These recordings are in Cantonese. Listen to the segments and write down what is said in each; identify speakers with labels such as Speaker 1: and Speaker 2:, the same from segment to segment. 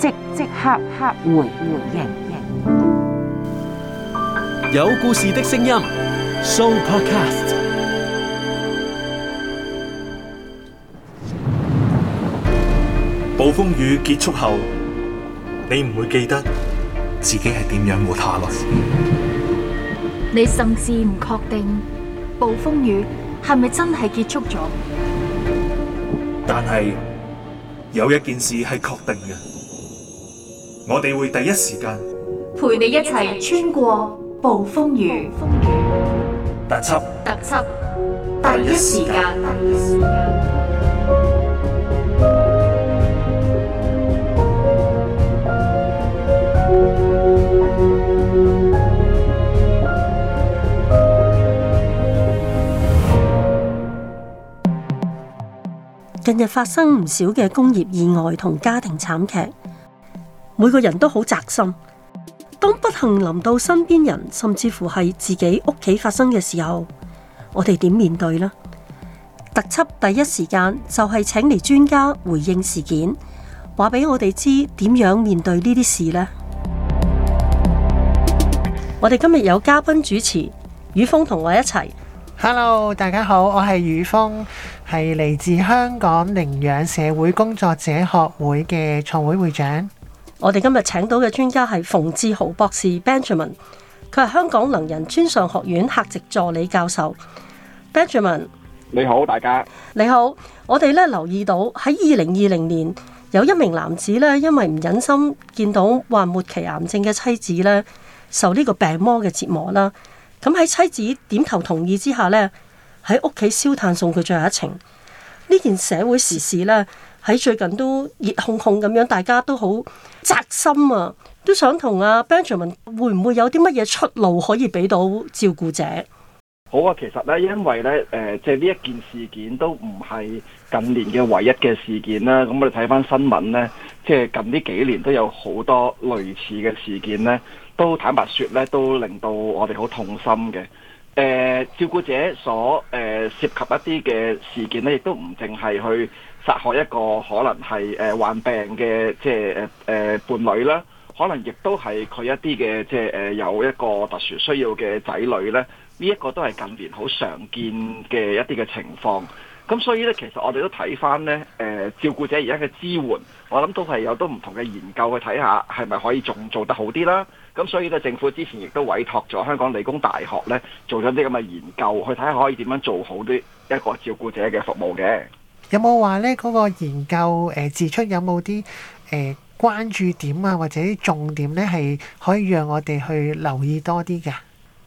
Speaker 1: 即即刻刻
Speaker 2: 回回應，有故事的聲音，So Podcast。
Speaker 3: 暴風雨結束後，你唔會記得自己係點樣活下來。
Speaker 4: 你甚至唔確定暴風雨係咪真係結束咗？
Speaker 3: 但係有一件事係確定嘅。我哋會第一時間
Speaker 4: 陪你一齊穿過暴風雨。特輯，特輯，第
Speaker 2: 一時間。
Speaker 4: 近日發生唔少嘅工業意外同家庭慘劇。每個人都好扎心，當不幸臨到身邊人，甚至乎係自己屋企發生嘅時候，我哋點面對呢？特輯第一時間就係、是、請嚟專家回應事件，話俾我哋知點樣面對呢啲事呢？我哋今日有嘉賓主持，
Speaker 2: 宇峰同我一齊。Hello，大家好，我係宇峰，係嚟自香港寧養社會工作者學會嘅創會會長。我
Speaker 4: 哋今日請到嘅專家係馮志豪博士 Benjamin，佢係香港能人專上學院客席助理教授 Benjamin。你好，大家你好。我哋咧留意到喺二零二零年，有一名男子咧因為唔忍心見到患末期癌症嘅妻子咧受呢個病魔嘅折磨啦，咁喺妻子點頭同意之下咧喺屋企燒炭送佢最後一程。呢件社會時事咧。喺最近都熱烘烘咁樣，大家都好扎心啊！都想同阿 Benjamin 會唔會有啲乜嘢出路可以俾到照顧者？
Speaker 3: 好啊，其實咧，因為咧，誒、呃，即係呢一件事件都唔係近年嘅唯一嘅事件啦、啊。咁我哋睇返新聞咧，即係近呢幾年都有好多類似嘅事件咧，都坦白說咧，都令到我哋好痛心嘅。誒、呃，照顧者所誒、呃、涉及一啲嘅事件呢，亦都唔淨係去殺害一個可能係誒、呃、患病嘅即係誒誒伴侶啦，可能亦都係佢一啲嘅即係誒有一個特殊需要嘅仔女咧，呢、這、一個都係近年好常見嘅一啲嘅情況。咁所以呢，其實我哋都睇返呢誒、呃、照顧者而家嘅支援，我諗都係有多唔同嘅研究去睇下，係咪可以仲做得好啲啦？咁所以咧，政府之前亦都委托咗香港理工大學咧，做咗啲咁嘅研究，去睇下可以點樣做好啲一個照顧者嘅服務嘅。
Speaker 2: 有冇話咧，嗰個研究誒、呃、指出有冇啲誒關注點啊，或者啲重點咧，係可以讓我哋去留意多啲嘅？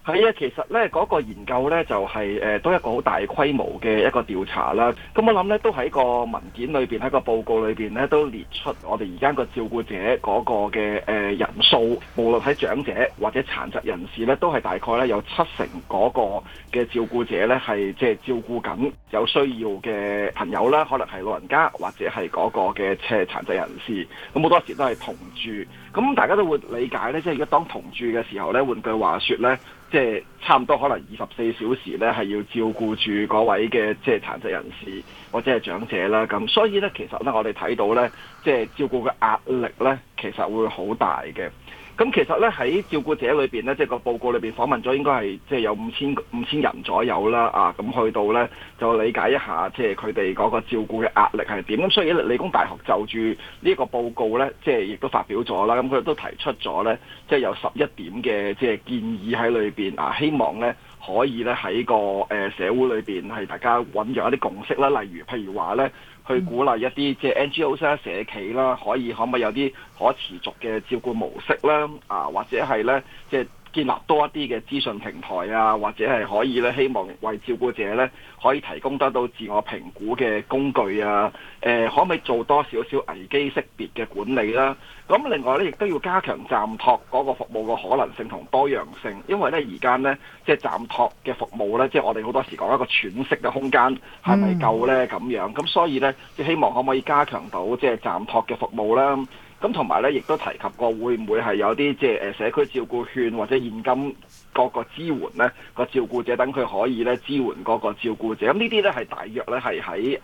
Speaker 3: 係啊，其實咧嗰、那個研究咧就係、是、誒、呃、都一個好大規模嘅一個調查啦。咁、嗯、我諗咧都喺個文件裏邊喺個報告裏邊咧都列出我哋而家個照顧者嗰個嘅誒人數，無論喺長者或者殘疾人士咧，都係大概咧有七成嗰個嘅照顧者咧係即係照顧緊有需要嘅朋友啦，可能係老人家或者係嗰個嘅即係殘疾人士。咁、嗯、好多時都係同住，咁、嗯、大家都會理解咧，即係如果當同住嘅時候咧，換句話說咧。即係差唔多可能二十四小時咧，係要照顧住嗰位嘅即係殘疾人士或者係長者啦。咁所以咧，其實咧我哋睇到咧，即係照顧嘅壓力咧，其實會好大嘅。咁其實咧喺照顧者裏邊呢，即係個報告裏邊訪問咗應該係即係有五千五千人左右啦，啊咁去到呢，就理解一下，即係佢哋嗰個照顧嘅壓力係點。咁所以理工大學就住呢個報告呢，即係亦都發表咗啦。咁啊，佢都提出咗呢，即係有十一點嘅即係建議喺裏邊啊，希望呢，可以呢喺個誒社會裏邊係大家揾咗一啲共識啦。例如譬如話呢，去鼓勵一啲即係 NGO、社企啦，可以可唔可以有啲可持續嘅照顧模式啦？啊，或者係咧，即係。建立多一啲嘅資訊平台啊，或者係可以咧，希望為照顧者咧可以提供得到自我評估嘅工具啊。誒，可唔可以做多少少危機識別嘅管理啦？咁另外咧，亦都要加強暫託嗰個服務嘅可能性同多樣性，因為咧，而家咧即係暫託嘅服務咧，即係我哋好多時講一個喘息嘅空間係咪夠咧咁樣？咁所以咧，即希望可唔可以加強到即係暫託嘅服務啦？咁同埋咧，亦都提及過會唔會係有啲即係誒社區照顧券或者現金各個支援呢個照顧者，等佢可以咧支援嗰個照顧者。咁呢啲咧係大約咧係喺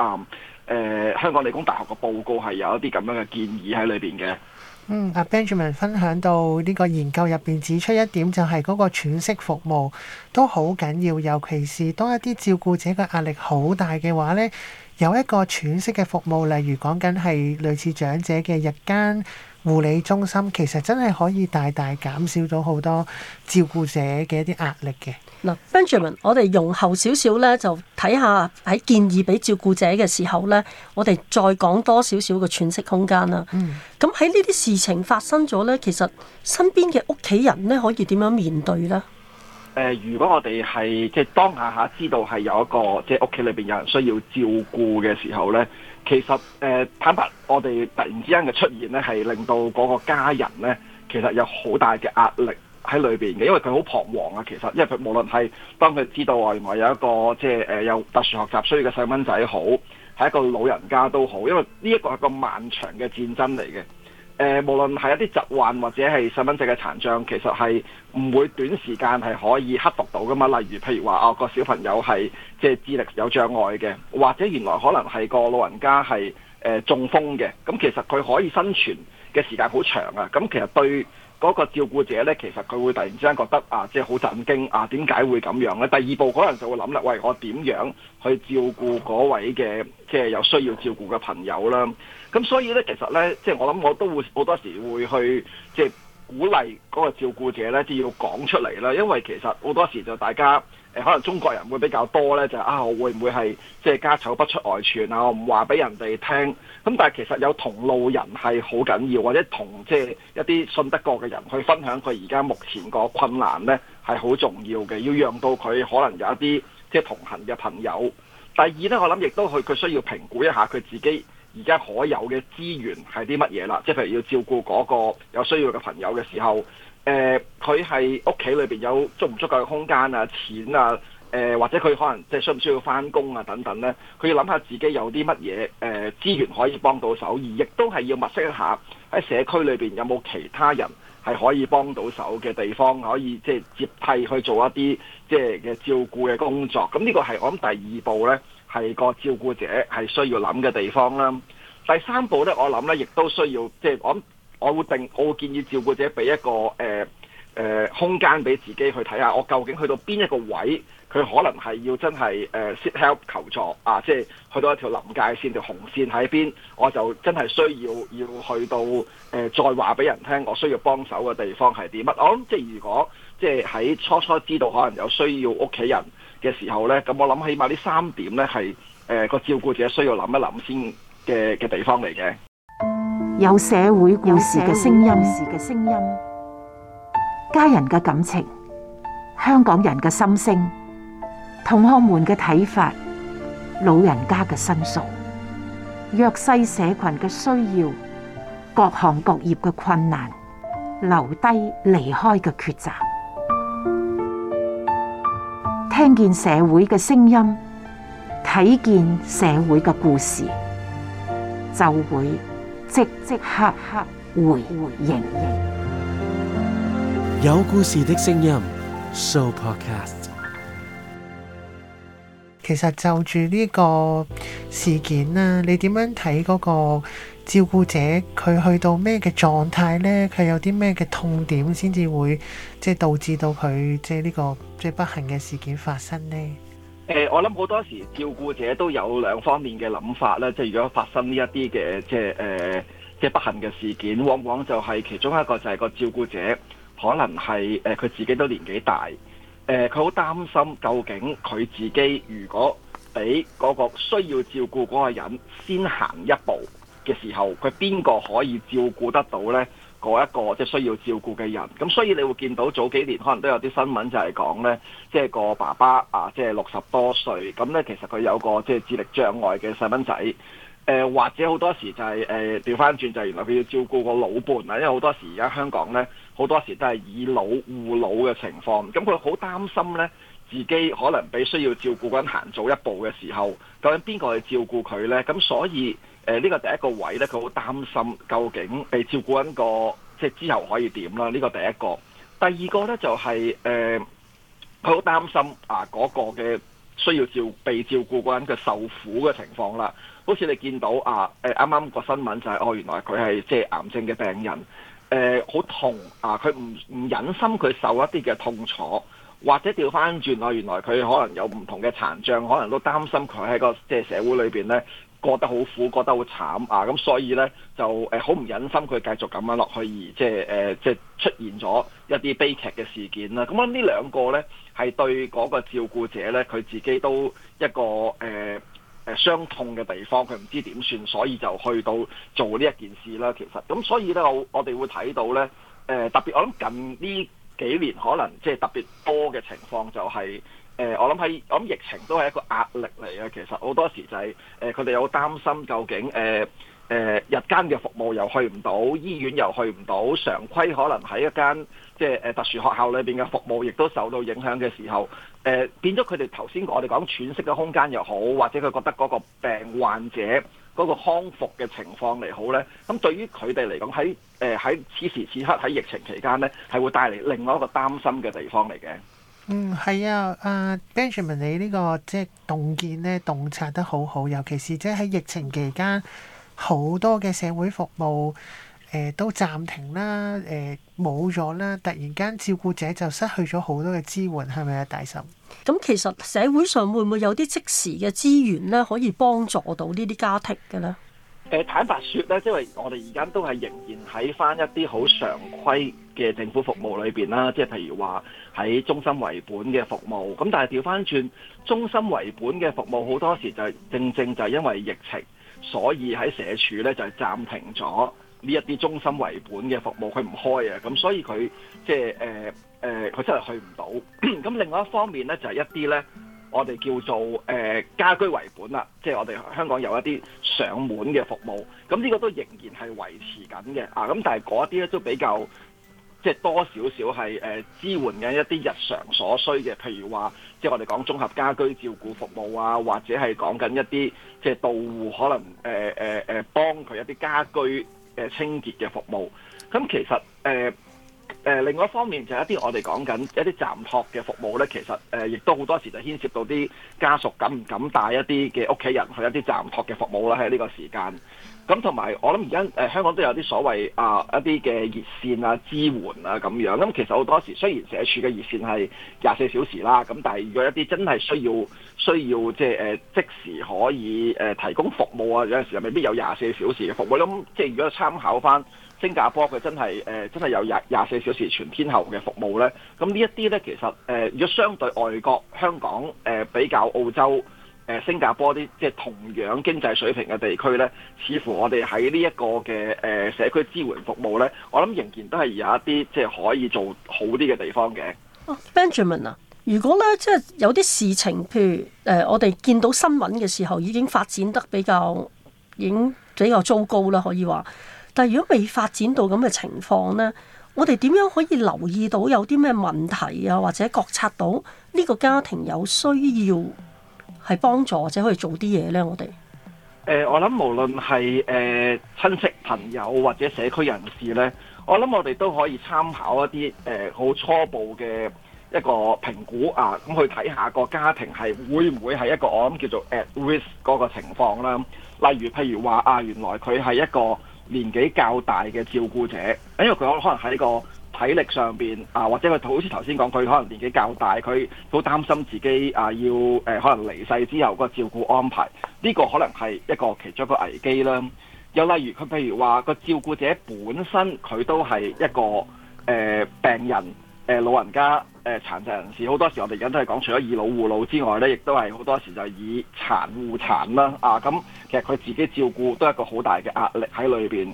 Speaker 3: 誒香港理工大學個報告係有一啲咁樣嘅建議喺裏邊嘅。
Speaker 2: 嗯，阿 Benjamin 分享到呢個研究入邊指出一點，就係嗰個喘息服務都好緊要，尤其是當一啲照顧者嘅壓力好大嘅話咧。有一個喘息嘅服務，例如講緊係類似長者嘅日間護理中心，其實真係可以大大減少到好多照顧者嘅一啲壓力嘅。嗱
Speaker 4: ，Benjamin，我哋容後少少咧，就睇下喺建議俾照顧者嘅時候咧，我哋再講多少少嘅喘息空間啦。嗯，咁喺呢啲事情發生咗咧，其實身邊嘅屋企人咧可以點樣面對咧？
Speaker 3: 誒、呃，如果我哋係即係當下下知道係有一個即係屋企裏邊有人需要照顧嘅時候呢，其實誒、呃、坦白，我哋突然之間嘅出現呢，係令到嗰個家人呢，其實有好大嘅壓力喺裏邊嘅，因為佢好彷徨啊。其實，因為佢無論係當佢知道原來有一個即係誒、呃、有特殊學習需要嘅細蚊仔好，係一個老人家都好，因為呢一個係個漫長嘅戰爭嚟嘅。誒、呃，無論係一啲疾患或者係細蚊仔嘅殘障，其實係唔會短時間係可以克服到噶嘛。例如，譬如話哦，個小朋友係即係智力有障礙嘅，或者原來可能係個老人家係誒、呃、中風嘅，咁、嗯、其實佢可以生存嘅時間好長啊。咁、嗯、其實對。嗰個照顧者呢，其實佢會突然之間覺得啊，即係好震驚啊，點解會咁樣呢？第二步可能就會諗啦，喂，我點樣去照顧嗰位嘅即係有需要照顧嘅朋友啦？咁所以呢，其實呢，即係我諗我都會好多時會去即係鼓勵嗰個照顧者呢，咧，要講出嚟啦，因為其實好多時就大家。可能中國人會比較多呢，就係、是、啊，我會唔會係即係家醜不出外傳啊？我唔話俾人哋聽。咁但係其實有同路人係好緊要，或者同即係一啲信得過嘅人去分享佢而家目前個困難呢，係好重要嘅。要讓到佢可能有一啲即係同行嘅朋友。第二呢，我諗亦都佢佢需要評估一下佢自己而家可有嘅資源係啲乜嘢啦。即係譬如要照顧嗰個有需要嘅朋友嘅時候。誒，佢喺屋企裏邊有足唔足夠嘅空間啊、錢啊，誒、呃、或者佢可能即係需唔需要翻工啊等等呢。佢要諗下自己有啲乜嘢誒資源可以幫到手，而亦都係要物色一下喺社區裏邊有冇其他人係可以幫到手嘅地方，可以即係接替去做一啲即係嘅照顧嘅工作。咁呢個係我諗第二步呢，係個照顧者係需要諗嘅地方啦。第三步呢，我諗呢亦都需要即係、就是、我。我會定，我會建議照顧者俾一個誒誒、呃呃、空間俾自己去睇下，我究竟去到邊一個位，佢可能係要真係誒 seek help 求助啊，即係去到一條臨界線、條紅線喺邊，我就真係需要要去到誒、呃、再話俾人聽，我需要幫手嘅地方係乜。我諗即係如果即係喺初初知道可能有需要屋企人嘅時候呢，咁我諗起碼呢三點呢，係誒個照顧者需要諗一諗先嘅嘅地方嚟嘅。
Speaker 1: 有社會故事嘅聲音，嘅聲音，家人嘅感情，香港人嘅心聲，同學們嘅睇法，老人家嘅申訴，弱勢社群嘅需要，各行各業嘅困難，留低離開嘅抉擇，聽見社會嘅聲音，睇見社會嘅故事，就會。即即刻刻回回應，
Speaker 2: 有故事的聲音，So Podcast。其實就住呢個事件啦，你點樣睇嗰個照顧者？佢去到咩嘅狀態呢？佢有啲咩嘅痛點先至會即係導致到佢即係呢個最不幸嘅事件發生呢？
Speaker 3: 誒、呃，我諗好多時照顧者都有兩方面嘅諗法咧，即係如果發生呢一啲嘅即係誒，即係、呃、不幸嘅事件，往往就係其中一個就係個照顧者可能係誒佢自己都年紀大，誒佢好擔心究竟佢自己如果俾嗰個需要照顧嗰個人先行一步嘅時候，佢邊個可以照顧得到咧？個一個即係需要照顧嘅人，咁所以你會見到早幾年可能都有啲新聞就係講呢，即係個爸爸啊，即係六十多歲，咁呢其實佢有個即係智力障礙嘅細蚊仔，或者好多時就係誒調翻轉，呃、就原來佢要照顧個老伴啦，因為好多時而家香港呢，好多時都係以老護老嘅情況，咁佢好擔心呢，自己可能比需要照顧緊行早一步嘅時候，究竟邊個去照顧佢呢？咁所以。誒呢、呃這個第一個位咧，佢好擔心究竟被照顧緊個即係之後可以點啦？呢、這個第一個，第二個咧就係、是、誒，佢好擔心啊嗰、呃那個嘅需要照被照顧嗰個人嘅受苦嘅情況啦。好似你見到啊誒啱啱個新聞就係、是、哦，原來佢係即係癌症嘅病人，誒、呃、好痛啊！佢唔唔忍心佢受一啲嘅痛楚，或者調翻轉，原來原來佢可能有唔同嘅殘障，可能都擔心佢喺個即係社會裏邊咧。過得好苦，過得好慘啊！咁所以呢，就誒好唔忍心，佢繼續咁樣落去，而即係誒即係出現咗一啲悲劇嘅事件啦。咁我諗呢兩個呢，係對嗰個照顧者呢，佢自己都一個誒誒、呃、傷痛嘅地方，佢唔知點算，所以就去到做呢一件事啦。其實咁所以呢，我我哋會睇到呢，誒、呃、特別我諗近呢幾年可能即係特別多嘅情況就係、是。誒、呃，我諗喺我諗疫情都係一個壓力嚟嘅。其實好多時就係、係、誒，佢哋有擔心究竟誒誒、呃呃、日間嘅服務又去唔到，醫院又去唔到，常規可能喺一間即係誒、呃、特殊學校裏邊嘅服務亦都受到影響嘅時候，誒、呃、變咗佢哋頭先我哋講喘息嘅空間又好，或者佢覺得嗰個病患者嗰、嗰個康復嘅情況嚟好咧。咁對於佢哋嚟講，喺誒喺此時此刻喺疫情期間咧，係會帶嚟另外一個擔心嘅地方嚟嘅。
Speaker 2: 嗯，係啊，Benjamin，你、這個就是、動建呢個即係洞見咧，洞察得好好。尤其是即係喺疫情期間，好多嘅社會服務誒、呃、都暫停啦，誒冇咗啦，突然間照顧者就失去咗好多嘅支援，係咪啊，大嬸？
Speaker 4: 咁其實社會上會唔會有啲即時嘅資源咧，可以幫助到呢啲家庭嘅咧？
Speaker 3: 坦白説咧，即係我哋而家都係仍然喺返一啲好常規嘅政府服務裏邊啦，即係譬如話喺中心為本嘅服務。咁但係調返轉中心為本嘅服務，好多時就係正正就係因為疫情，所以喺社署咧就係、是、暫停咗呢一啲中心為本嘅服務，佢唔開啊。咁所以佢即係誒誒，佢、呃呃、真係去唔到。咁 另外一方面呢，就係、是、一啲呢。我哋叫做誒、呃、家居為本啦，即係我哋香港有一啲上門嘅服務，咁呢個都仍然係維持緊嘅啊！咁但係嗰啲咧都比較即係多少少係誒支援緊一啲日常所需嘅，譬如話即係我哋講綜合家居照顧服務啊，或者係講緊一啲即係到戶可能誒誒誒幫佢一啲家居誒、呃、清潔嘅服務，咁其實誒。呃誒另外一方面就係一啲我哋講緊一啲暫託嘅服務咧，其實誒亦都好多時就牽涉到啲家屬敢唔敢帶一啲嘅屋企人去一啲暫託嘅服務啦喺呢個時間。咁同埋我諗而家誒香港都有啲所謂啊一啲嘅熱線啊支援啊咁樣。咁其實好多時雖然社署嘅熱線係廿四小時啦，咁但係如果一啲真係需要需要即係誒即時可以誒提供服務啊，有陣時又未必有廿四小時嘅服務。咁即係如果參考返。新加坡佢真係誒、呃、真係有廿廿四小時全天候嘅服務呢。咁呢一啲呢，其實、呃、如果相對外國、香港誒、呃、比較澳洲、誒、呃、新加坡啲即係同樣經濟水平嘅地區呢，似乎我哋喺呢一個嘅誒、呃、社區支援服務呢，我諗仍然都係有一啲即係可以做好啲嘅地方嘅，啊。Benjamin 啊，
Speaker 4: 如果呢，即係有啲事情，譬如誒、呃、我哋見到新聞嘅時候已經發展得比較已經比較糟糕啦，可以話。但係如果未發展到咁嘅情況咧，我哋點樣可以留意到有啲咩問題啊，或者覺察到呢個家庭有需要係幫助，或者可以做啲嘢咧？我哋誒、
Speaker 3: 呃，我諗無論係誒親戚朋友或者社區人士咧，我諗我哋都可以參考一啲誒好初步嘅一個評估啊，咁、嗯、去睇下個家庭係會唔會係一個我諗叫做 at risk 嗰個情況啦。例如譬如話啊，原來佢係一個。年紀較大嘅照顧者，因為佢可能喺個體力上邊啊，或者佢好似頭先講，佢可能年紀較大，佢好擔心自己啊，要誒、呃、可能離世之後個照顧安排，呢、這個可能係一個其中一個危機啦。又例如佢譬如話、那個照顧者本身佢都係一個誒、呃、病人。誒，老人家，誒殘、呃、疾人士好多時，我，我哋而家都係講，除咗以老護老之外呢，亦都係好多時就以殘護殘啦。啊，咁其實佢自己照顧都係一個好大嘅壓力喺裏邊。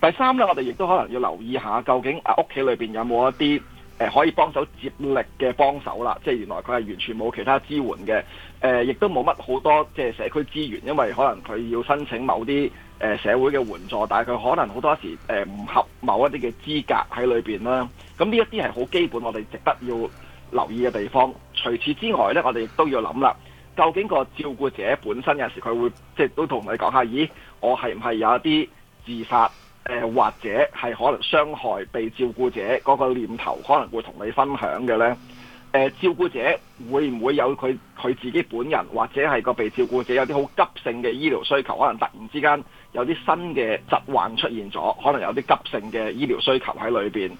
Speaker 3: 第三呢，我哋亦都可能要留意下，究竟啊屋企裏邊有冇一啲誒、呃、可以幫手接力嘅幫手啦？即係原來佢係完全冇其他支援嘅。誒，亦都冇乜好多即係社區資源，因為可能佢要申請某啲誒、呃、社會嘅援助，但係佢可能好多時誒唔、呃、合某一啲嘅資格喺裏邊啦。咁呢一啲係好基本，我哋值得要留意嘅地方。除此之外呢，我哋都要諗啦，究竟個照顧者本身有時佢會即係都同你講下，咦，我係唔係有一啲自殺，誒、呃，或者係可能傷害被照顧者嗰個念頭可能會同你分享嘅咧？呃、照顧者會唔會有佢佢自己本人，或者係個被照顧者有啲好急性嘅醫療需求？可能突然之間有啲新嘅疾患出現咗，可能有啲急性嘅醫療需求喺裏邊。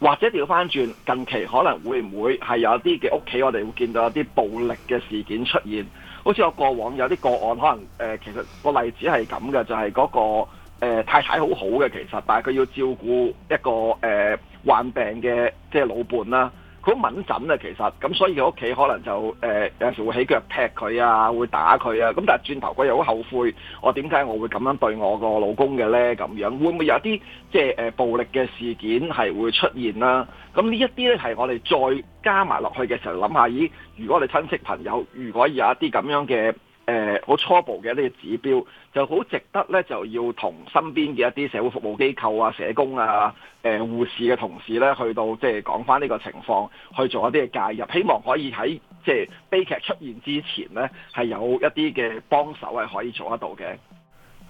Speaker 3: 或者調返轉，近期可能會唔會係有啲嘅屋企，我哋會見到有啲暴力嘅事件出現？好似我過往有啲個案，可能誒、呃，其實個例子係咁嘅，就係、是、嗰、嗰個、呃、太太好好嘅，其實，但係佢要照顧一個誒、呃、患病嘅即係老伴啦。好敏感啊，其實咁所以佢屋企可能就誒、呃、有時會起腳踢佢啊，會打佢啊。咁但係轉頭佢又好後悔，我點解我會咁樣對我個老公嘅咧？咁樣會唔會有一啲即係誒、呃、暴力嘅事件係會出現啦、啊？咁呢一啲咧係我哋再加埋落去嘅時候諗下，咦、哎？如果你親戚朋友如果有一啲咁樣嘅。誒好、呃、初步嘅呢啲指標，就好值得咧，就要同身邊嘅一啲社會服務機構啊、社工啊、誒、呃、護士嘅同事咧，去到即係講翻呢個情況，去做一啲嘅介入，希望可以喺即係悲劇出現之前咧，係有一啲嘅幫手係可以做得到嘅。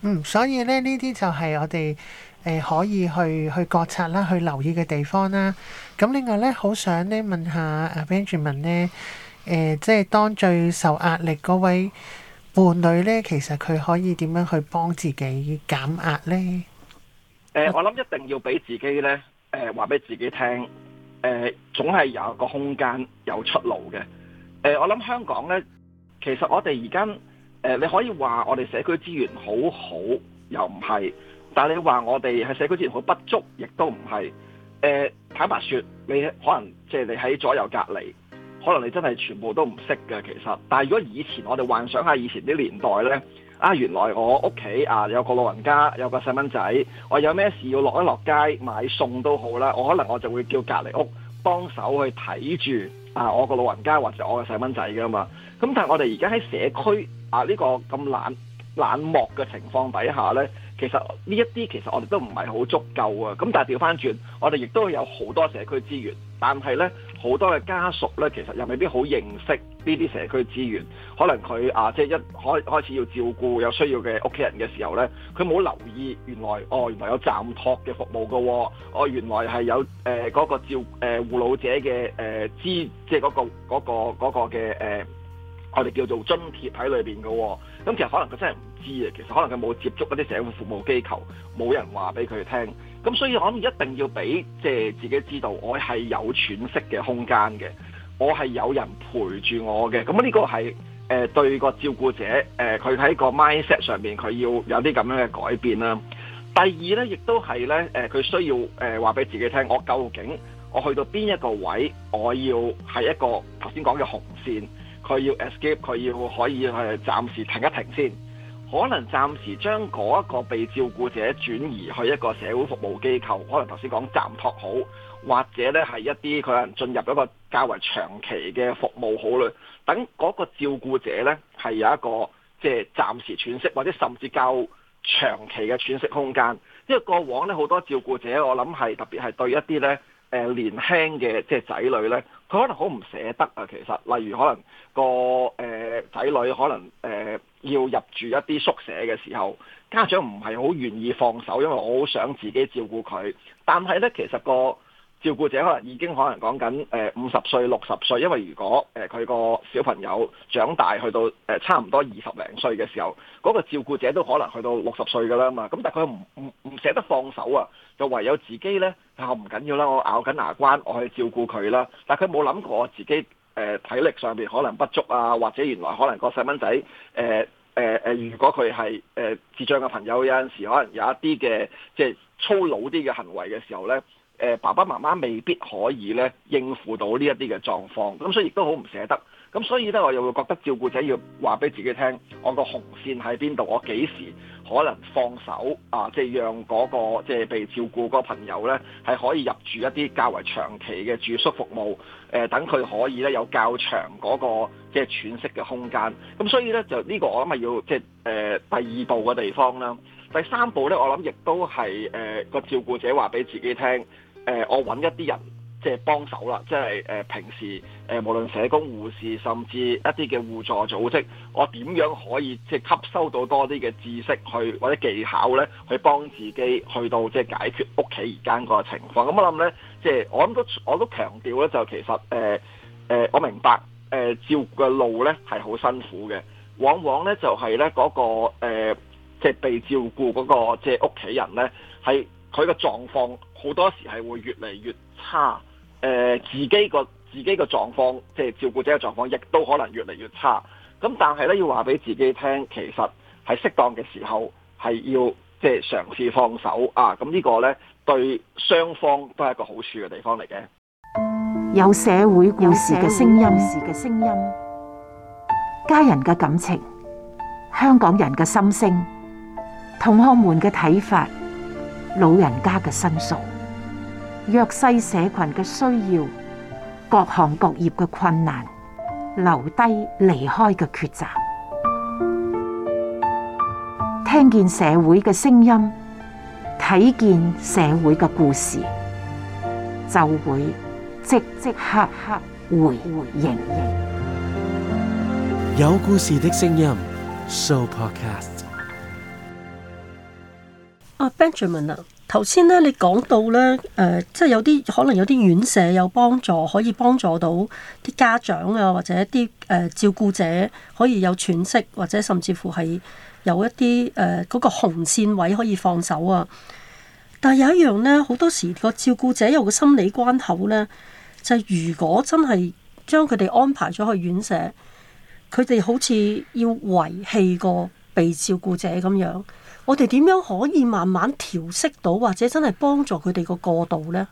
Speaker 2: 嗯，所以咧呢啲就係我哋誒、呃、可以去去覺察啦，去留意嘅地方啦。咁另外咧，好想呢問下 Benjamin 呢，誒、呃、即係當最受壓力嗰位伴侶咧，其實佢可以點樣去幫自己減壓呢？
Speaker 3: 誒，我諗一定要俾自己咧，誒，話俾自己聽，誒，總係有一個空間有出路嘅。誒，我諗香港咧，其實我哋而家，誒，你可以話我哋社區資源好好，又唔係，但係你話我哋係社區資源好不足，亦都唔係。誒，坦白說，你可能即係你喺左右隔離可能你真係全部都唔識嘅，其實。但係如果以前我哋幻想下以前啲年代呢，啊，原來我屋企啊有個老人家，有個細蚊仔，我有咩事要落一落街買餸都好啦，我可能我就會叫隔離屋幫手去睇住啊我個老人家或者我個細蚊仔噶嘛。咁但係我哋而家喺社區啊呢個咁冷冷漠嘅情況底下呢，其實呢一啲其實我哋都唔係好足夠啊。咁但係調翻轉，我哋亦都有好多社區資源，但係呢。好多嘅家屬呢，其實又未必好認識呢啲社區資源。可能佢啊，即係一開開始要照顧有需要嘅屋企人嘅時候呢，佢冇留意，原來哦，原來有暫託嘅服務噶喎、哦。哦，原來係有誒嗰、呃嗰個照誒、呃、護老者嘅誒、呃、資，即係嗰個、嗰個嗰個嘅誒，我哋、嗰個、嗰個呃、叫做津貼喺裏邊噶喎。咁其實可能佢真係唔知啊，其實可能佢冇接觸嗰啲社會服務機構，冇人話俾佢聽。咁所以我諗一定要俾即係自己知道，我係有喘息嘅空間嘅，我係有人陪住我嘅。咁呢個係誒、呃、對個照顧者誒，佢、呃、喺個 mindset 上面，佢要有啲咁樣嘅改變啦、啊。第二呢，亦都係呢，誒、呃，佢需要誒話俾自己聽，我究竟我去到邊一個位，我要係一個頭先講嘅紅線，佢要 escape，佢要可以係暫時停一停先。可能暫時將嗰一個被照顧者轉移去一個社會服務機構，可能頭先講暫託好，或者呢係一啲佢可能進入一個較為長期嘅服務考慮，等嗰個照顧者呢係有一個即係暫時喘息，或者甚至較長期嘅喘息空間。因為過往呢好多照顧者，我諗係特別係對一啲呢誒、呃、年輕嘅即係仔女呢，佢可能好唔捨得啊。其實，例如可能個誒仔女可能誒。呃要入住一啲宿舍嘅時候，家長唔係好願意放手，因為我好想自己照顧佢。但係呢，其實個照顧者可能已經可能講緊誒五十歲、六十歲，因為如果誒佢個小朋友長大去到誒、呃、差唔多二十零歲嘅時候，嗰、嗰個照顧者都可能去到六十歲㗎啦嘛。咁但係佢唔唔唔捨得放手啊，就唯有自己呢，啊唔緊要啦，我咬緊牙關我去照顧佢啦。但係佢冇諗過自己。誒、呃、體力上邊可能不足啊，或者原來可能個細蚊仔誒誒誒，如果佢係誒智障嘅朋友，有陣時可能有一啲嘅即係粗魯啲嘅行為嘅時候咧，誒、呃、爸爸媽媽未必可以咧應付到呢一啲嘅狀況，咁所以亦都好唔捨得，咁所以咧我又會覺得照顧者要話俾自己聽，我個紅線喺邊度，我幾時可能放手啊，即係讓嗰、嗰個即係被照顧個朋友咧係可以入住一啲較為長期嘅住宿服務。誒等佢可以咧有較長嗰個即係喘息嘅空間，咁所以咧就呢個我諗係要即係誒第二步嘅地方啦。第三步咧，我諗亦都係誒個照顧者話俾自己聽，誒、呃、我揾一啲人。即係幫手啦，即係誒平時誒無論社工、護士，甚至一啲嘅互助組織，我點樣可以即係吸收到多啲嘅知識去，去或者技巧咧，去幫自己去到即係解決屋企而家個情況。咁我諗咧，即係我諗都我都強調咧，就其實誒誒、呃呃、我明白誒、呃、照顧嘅路咧係好辛苦嘅，往往咧就係咧嗰個、呃、即係被照顧嗰、嗰個即係屋企人咧，係佢嘅狀況好多時係會越嚟越差。誒、呃、自己個自己個狀況，即係照顧者嘅狀況，亦都可能越嚟越差。咁但係咧，要話俾自己聽，其實喺適當嘅時候係要即係嘗試放手啊！咁呢個呢，對雙方都係一個好處嘅地方嚟嘅。
Speaker 1: 有社會故事嘅聲音，故事嘅聲音，家人嘅感情，香港人嘅心聲，同學們嘅睇法，老人家嘅申訴。弱勢社群嘅需要，各行各業嘅困難，留低離開嘅抉擇，聽見社會嘅聲音，睇見社會嘅故事，就會即即刻刻回回應應。
Speaker 4: 有故事的聲音，So Podcast。啊，Benjamin 啊。頭先咧，你講到咧，誒、呃，即係有啲可能有啲院舍有幫助，可以幫助到啲家長啊，或者啲誒、呃、照顧者可以有喘息，或者甚至乎係有一啲誒嗰個紅線位可以放手啊。但係有一樣咧，好多時個照顧者有個心理關口咧，就係、是、如果真係將佢哋安排咗去院舍，佢哋好似要遺棄個。被照顧者咁樣，我哋點樣可以慢慢調適到，或者真係幫助佢哋個過渡呢？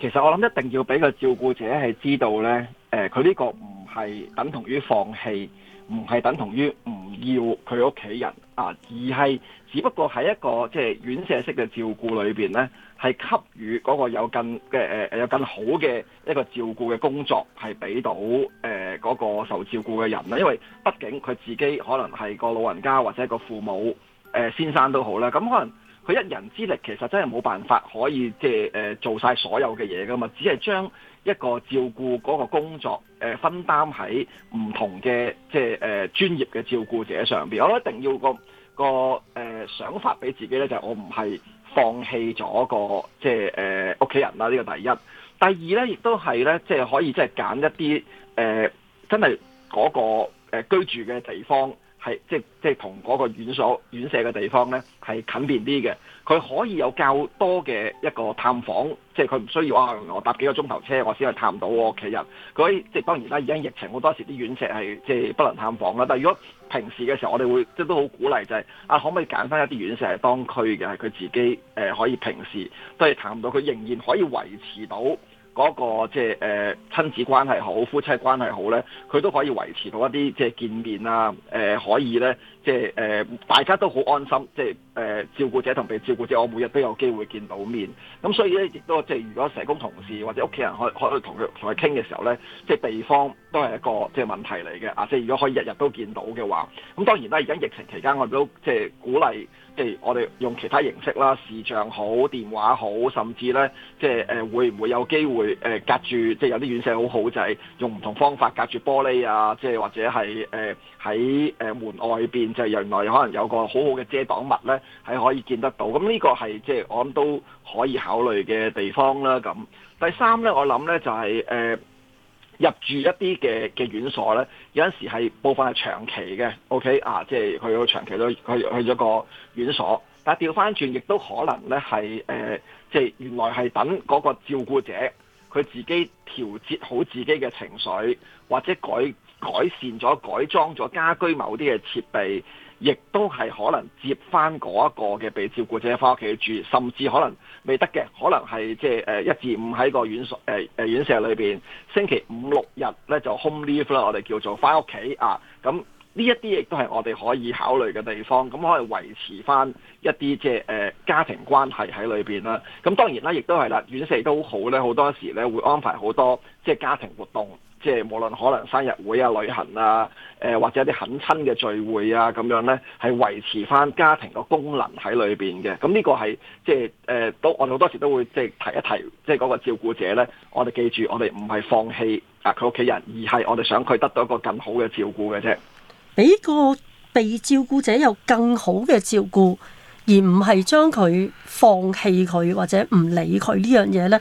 Speaker 3: 其實我諗一定要俾個照顧者係知道呢，誒、呃，佢呢個唔係等同於放棄，唔係等同於唔要佢屋企人啊，而係只不過喺一個即係、就是、院舍式嘅照顧裏邊呢。係給予嗰個有更嘅誒誒有更好嘅一個照顧嘅工作係俾到誒嗰、呃那個受照顧嘅人啦，因為畢竟佢自己可能係個老人家或者係個父母誒、呃、先生都好啦，咁、嗯、可能佢一人之力其實真係冇辦法可以即係誒做晒所有嘅嘢噶嘛，只係將一個照顧嗰個工作誒、呃、分擔喺唔同嘅即係誒專業嘅照顧者上面。我一定要個個誒、呃、想法俾自己咧，就係、是、我唔係。放棄咗個即係誒屋企人啦，呢個第一。第二咧，亦都係咧，即係可以即係揀一啲誒真係嗰個居住嘅地方。係即係即係同嗰個院所院舍嘅地方呢，係近便啲嘅，佢可以有較多嘅一個探訪，即係佢唔需要啊，我搭幾個鐘頭車我先去探到我屋企人。佢即係當然啦，而家疫情好多時啲院舍係即係不能探訪啦。但係如果平時嘅時候，我哋會即係都好鼓勵就係、是、啊，可唔可以揀返一啲院舍？係當區嘅，係佢自己誒、呃、可以平時都係探到，佢仍然可以維持到。嗰個即係誒親子關係好、夫妻關係好咧，佢都可以維持到一啲即係見面啊！誒、呃、可以咧，即係誒大家都好安心，即係誒照顧者同被照顧者，我每日都有機會見到面。咁所以咧，亦都即係如果社工同事或者屋企人可可以同佢同佢傾嘅時候咧，即係地方都係一個即係問題嚟嘅啊！即係如果可以日日都見到嘅話，咁當然啦，而家疫情期間我哋都即係鼓勵。即係我哋用其他形式啦，視像好、電話好，甚至呢，即係誒、呃、會唔會有機會誒隔住，即係有啲院舍好好就係、是、用唔同方法隔住玻璃啊，即係或者係誒喺誒門外邊就是、原來可能有個好好嘅遮擋物呢，係可以見得到。咁呢個係即係我諗都可以考慮嘅地方啦。咁第三呢，我諗呢就係、是、誒。呃入住一啲嘅嘅院所呢，有陣時係部分係長期嘅，OK 啊，即係佢去長期都去去咗個院所，但係調翻轉亦都可能咧係誒，即係原來係等嗰個照顧者佢自己調節好自己嘅情緒，或者改改善咗、改裝咗家居某啲嘅設備。亦都係可能接翻嗰一個嘅被照顧者翻屋企住，甚至可能未得嘅，可能係即係誒一至五喺個院誒、呃、院舍裏邊，星期五六日咧就 home leave 啦，我哋叫做翻屋企啊。咁呢一啲亦都係我哋可以考慮嘅地方，咁可以維持翻一啲即係誒家庭關係喺裏邊啦。咁當然啦，亦都係啦，院舍都好咧，好多時咧會安排好多即係家庭活動。即係無論可能生日會啊、旅行啊、誒、呃、或者一啲很親嘅聚會啊，咁樣咧係維持翻家庭個功能喺裏邊嘅。咁呢個係即係誒，都、呃、我哋好多時都會即係提一提，即係嗰個照顧者咧，我哋記住，我哋唔係放棄啊佢屋企人，而係我哋想佢得到一個更好嘅照顧嘅啫。
Speaker 4: 俾個被照顧者有更好嘅照顧，而唔係將佢放棄佢或者唔理佢呢樣嘢咧。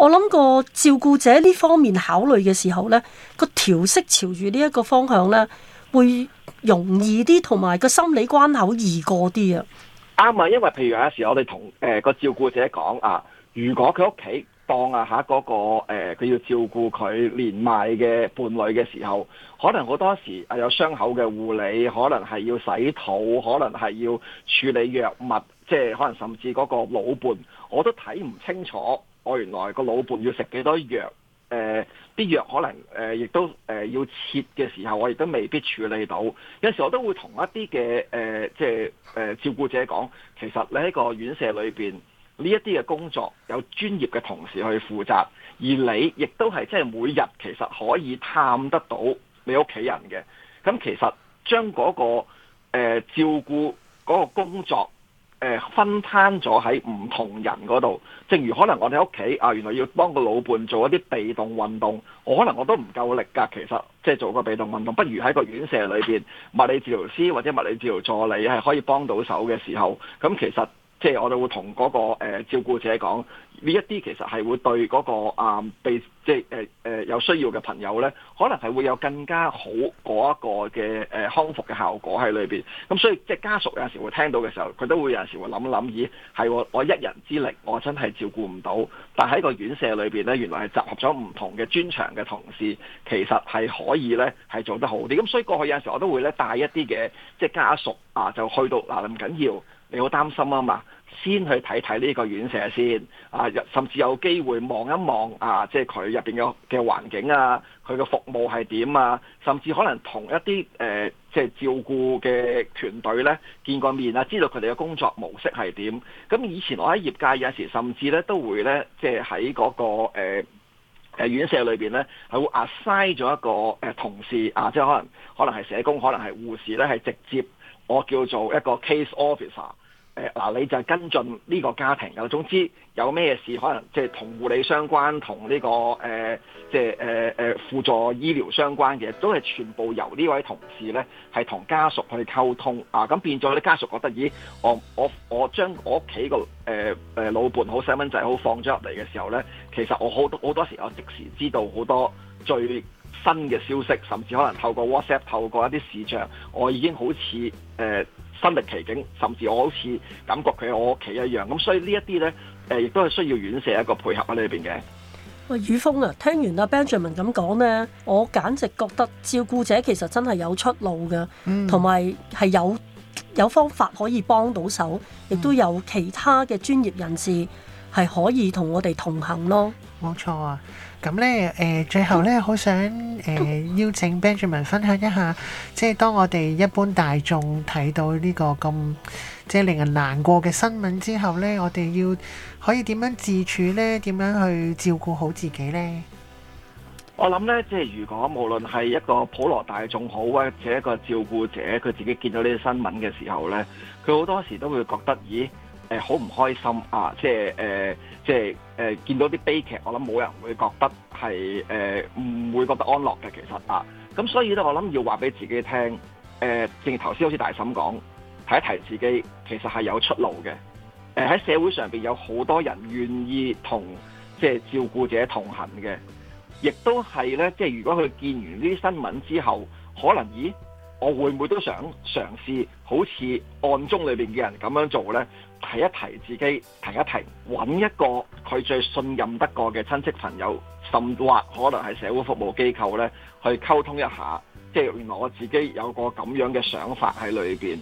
Speaker 4: 我諗個照顧者呢方面考慮嘅時候呢，個調適朝住呢一個方向呢，會容易啲，同埋個心理關口易過啲啊。
Speaker 3: 啱啊，因為譬如有時我哋同誒、欸、個照顧者講啊，如果佢屋企當啊吓嗰個誒佢、欸、要照顧佢年邁嘅伴侶嘅時候，可能好多時啊有傷口嘅護理，可能係要洗肚，可能係要處理藥物，即係可能甚至嗰個老伴，我都睇唔清楚。我原來個老伴要食幾多藥，誒、呃、啲藥可能誒亦、呃、都誒、呃、要切嘅時候，我亦都未必處理到。有時我都會同一啲嘅誒，即係誒、呃、照顧者講，其實你喺個院舍裏邊呢一啲嘅工作有專業嘅同事去負責，而你亦都係即係每日其實可以探得到你屋企人嘅。咁其實將嗰、嗰個、呃、照顧嗰個工作。誒、呃、分攤咗喺唔同人嗰度，正如可能我哋屋企啊，原來要幫個老伴做一啲被動運動，我可能我都唔夠力㗎，其實即係做個被動運動，不如喺個院舍裏邊物理治療師或者物理治療助理係可以幫到手嘅時候，咁其實。即係我哋會同嗰個誒照顧者講呢一啲其實係會對嗰個啊被即係誒誒有需要嘅朋友咧，可能係會有更加好嗰一個嘅誒康復嘅效果喺裏邊。咁所以即係家屬有陣時會聽到嘅時候，佢都會有陣時會諗諗咦，係喎我一人之力我真係照顧唔到，但喺個院舍裏邊咧，原來係集合咗唔同嘅專長嘅同事，其實係可以咧係做得好啲。咁所以過去有陣時我都會咧帶一啲嘅即係家屬啊，就去到嗱唔緊要。你好擔心啊嘛，先去睇睇呢個院舍先啊，甚至有機會望一望啊，即係佢入邊嘅嘅環境啊，佢嘅服務係點啊，甚至可能同一啲誒、呃、即係照顧嘅團隊咧見過面啊，知道佢哋嘅工作模式係點。咁以前我喺業界有時甚至咧都會咧，即係喺嗰個誒、呃、院舍裏邊咧係會 assign 咗一個誒、呃、同事啊，即係可能可能係社工，可能係護士咧，係直接我叫做一個 case officer。誒嗱、啊，你就係跟進呢個家庭噶啦。總之有咩事，可能即係同護理相關，同呢、呢個誒，即係誒誒輔助醫療相關嘅，都係全部由呢位同事咧係同家屬去溝通啊。咁變咗啲家屬覺得，咦，我我我將我屋企個誒誒老伴好細蚊仔好放咗入嚟嘅時候咧，其實我好多好多時我即時知道好多最新嘅消息，甚至可能透過 WhatsApp、透過一啲市場，我已經好似誒、呃、身歷其境，甚至我好似感覺佢喺我屋企一樣。咁所以呢一啲咧，誒亦都係需要院舍一個配合喺裏邊嘅。
Speaker 4: 雨峰啊，聽完阿 Benjamin 咁講咧，我簡直覺得照顧者其實真係有出路嘅，同埋係有有，有方法可以幫到手，亦都有其他嘅專業人士係可以同我哋同行咯。
Speaker 2: 冇錯啊，咁咧，誒、呃，最後咧，好想誒、呃、邀請 Benjamin 分享一下，即係當我哋一般大眾睇到呢個咁即係令人難過嘅新聞之後咧，我哋要可以點樣自處咧？點樣去照顧好自己咧？
Speaker 3: 我諗咧，即係如果無論係一個普羅大眾好，或者一個照顧者，佢自己見到呢啲新聞嘅時候咧，佢好多時都會覺得，咦，誒、呃，好唔開心啊！即係誒。呃即係誒，見到啲悲劇，我諗冇人會覺得係誒，唔會覺得安樂嘅其實啊。咁所以咧，我諗要話俾自己聽，誒、呃、正如頭先好似大嬸講，提一提自己其實係有出路嘅，誒、呃、喺社會上邊有好多人願意同即係、就是、照顧者同行嘅，亦都係咧，即係如果佢見完呢啲新聞之後，可能咦？我會唔會都想嘗試好似案中裏邊嘅人咁樣做呢？提一提自己，提一提揾一個佢最信任得過嘅親戚朋友，甚或可能係社會服務機構呢，去溝通一下。即係原來我自己有個咁樣嘅想法喺裏邊。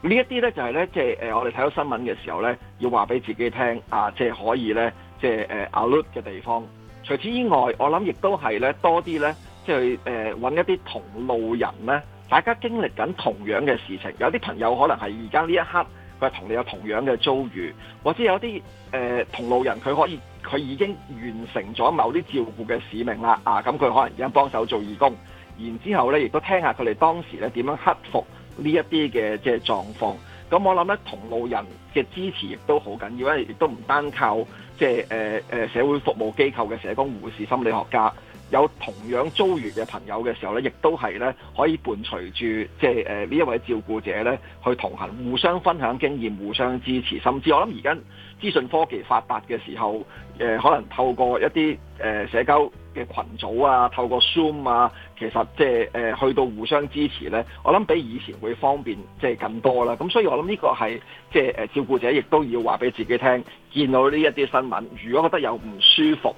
Speaker 3: 呢一啲呢，就係呢，即係呃我哋睇到新聞嘅時候呢，要話俾自己聽啊，即係可以呢，即係誒 alert 嘅地方。除此以外，我諗亦都係呢，多啲呢，即係揾一啲同路人呢。大家經歷緊同樣嘅事情，有啲朋友可能係而家呢一刻佢係同你有同樣嘅遭遇，或者有啲誒、呃、同路人佢可以佢已經完成咗某啲照顧嘅使命啦，啊咁佢可能而家幫手做義工，然之後呢亦都聽下佢哋當時咧點樣克服呢一啲嘅即係狀況。咁我諗咧同路人嘅支持亦都好緊要，因為亦都唔單靠即係誒誒社會服務機構嘅社工、護士、心理學家。有同樣遭遇嘅朋友嘅時候呢，亦都係呢，可以伴隨住即係呢一位照顧者呢去同行，互相分享經驗，互相支持。甚至我諗而家資訊科技發達嘅時候，誒可能透過一啲誒社交嘅群組啊，透過 Zoom 啊，其實即係誒去到互相支持呢，我諗比以前會方便即係更多啦。咁所以我諗呢個係即係照顧者亦都要話俾自己聽，見到呢一啲新聞，如果覺得有唔舒服，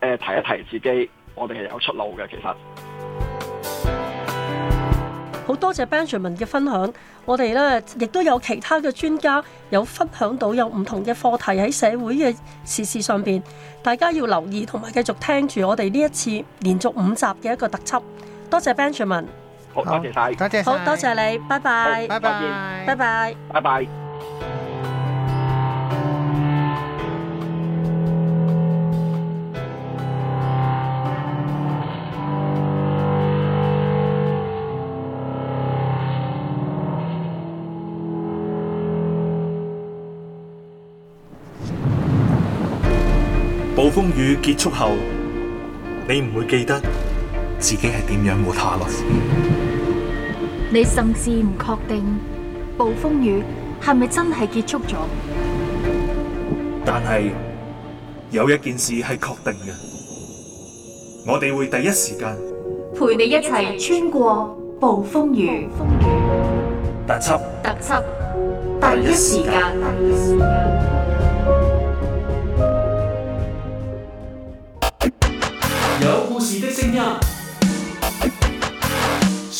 Speaker 3: 呃，提一提自己。我哋係有出路嘅，其
Speaker 4: 實好多謝 Benjamin 嘅分享。我哋咧亦都有其他嘅專家有分享到有唔同嘅課題喺社會嘅時事上面，大家要留意同埋繼續聽住我哋呢一次連續五集嘅一個特輯。多謝 Benjamin，
Speaker 3: 好多謝曬，多好多謝你，好多謝你
Speaker 4: 拜拜，拜拜，拜拜，
Speaker 3: 拜拜。拜拜。暴風雨結束後，你唔會記得自己係點樣活下來。
Speaker 4: 你甚至唔確定暴風雨係咪真係結束咗。
Speaker 3: 但係有一件事係確定嘅，我哋會第一時間
Speaker 4: 陪你一齊穿過暴風雨。
Speaker 2: 特輯，
Speaker 4: 特輯，第一時
Speaker 2: 間。